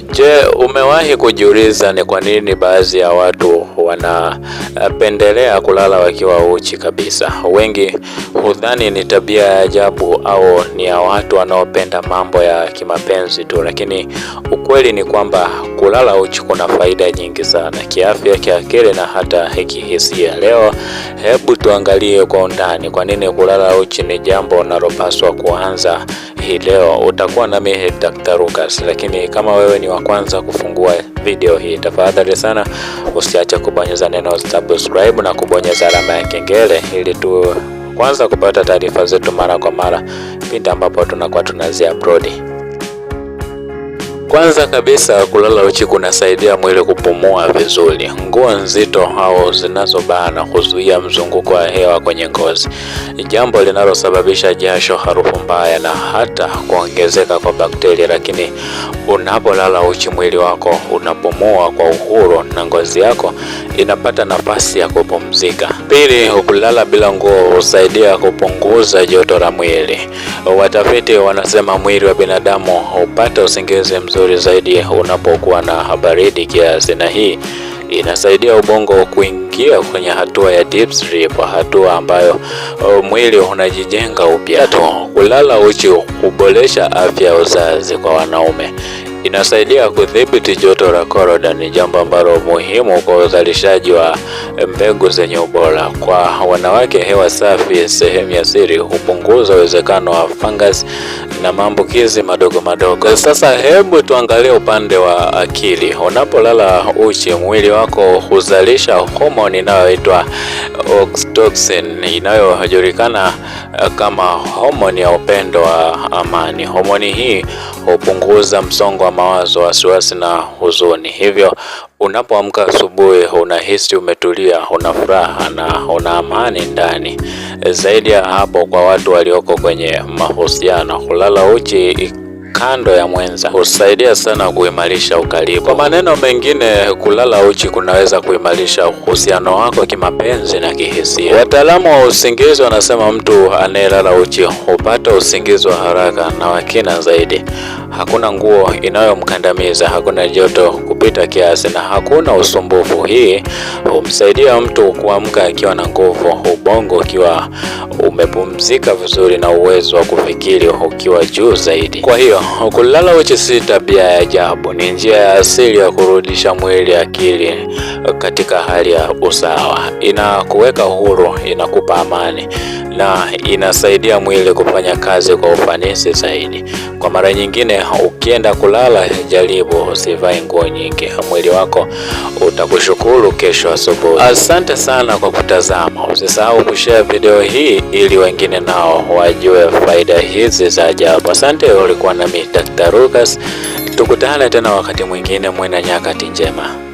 Je, umewahi kujiuliza ni kwa nini baadhi ya watu wanapendelea kulala wakiwa uchi kabisa? Wengi hudhani ni tabia ya ajabu au ni ya watu wanaopenda mambo ya kimapenzi tu, lakini ukweli ni kwamba kulala uchi kuna faida nyingi sana kiafya, kiakili na hata kihisia. Leo hebu tuangalie kwa undani kwa nini kulala uchi ni jambo unalopaswa kuanza hii leo utakuwa na mimi Dr. Lucas, lakini kama wewe ni wa kwanza kufungua video hii, tafadhali sana usiache kubonyeza neno subscribe na kubonyeza alama ya kengele ili tu kwanza kupata taarifa zetu mara kwa mara pindi ambapo tunakuwa tunazi upload. Kwanza kabisa kulala uchi kunasaidia mwili kupumua vizuri. Nguo nzito au zinazobana huzuia mzunguko wa hewa kwenye ngozi, jambo linalosababisha jasho, harufu mbaya na hata kuongezeka kwa bakteria. Lakini unapolala uchi, mwili wako unapumua kwa uhuru na ngozi yako inapata nafasi ya kupumzika. Pili, kulala bila nguo husaidia kupunguza joto la mwili. Watafiti wanasema mwili wa binadamu hupata usingizi mzuri vizuri zaidi unapokuwa na baridi kiasi, na hii inasaidia ubongo kuingia kwenye hatua ya deep sleep, hatua ambayo oh, mwili unajijenga upya. Kulala uchi huboresha afya ya uzazi kwa wanaume inasaidia kudhibiti joto la korodani, jambo ambalo muhimu kwa uzalishaji wa mbegu zenye ubora. Kwa wanawake, hewa safi sehemu ya siri hupunguza uwezekano wa fungus na maambukizi madogo madogo. Sasa hebu tuangalie upande wa akili. Unapolala uchi, mwili wako huzalisha homoni inayoitwa oxytocin inayojulikana kama homoni ya upendo wa amani. Homoni hii hupunguza msongo wa mawazo, wasiwasi na huzuni. Hivyo unapoamka asubuhi, unahisi umetulia, una furaha na una amani ndani. Zaidi ya hapo, kwa watu walioko kwenye mahusiano, kulala uchi kando ya mwenza husaidia sana kuimarisha ukaribu. Kwa maneno mengine, kulala uchi kunaweza kuimarisha uhusiano wako kimapenzi na kihisia. Wataalamu wa usingizi wanasema mtu anayelala uchi hupata usingizi wa haraka na wa kina zaidi. Hakuna nguo inayomkandamiza, hakuna joto kupita kiasi na hakuna usumbufu. Hii humsaidia mtu kuamka akiwa na nguvu, ubongo ukiwa umepumzika vizuri na uwezo wa kufikiri ukiwa juu zaidi. Kwa hiyo kulala uchi si tabia ya ajabu, ni njia ya asili ya kurudisha mwili, akili katika hali ya usawa. Inakuweka huru, inakupa amani na inasaidia mwili kufanya kazi kwa ufanisi zaidi. Kwa mara nyingine, ukienda kulala, jaribu usivae nguo nyingi, mwili wako utakushukuru kesho asubuhi. Asante sana kwa kutazama, usisahau kushare video hii ili wengine nao wajue faida hizi za ajabu. Asante, ulikuwa nami Dr. Lucas, tukutane tena wakati mwingine. mwena nyakati njema.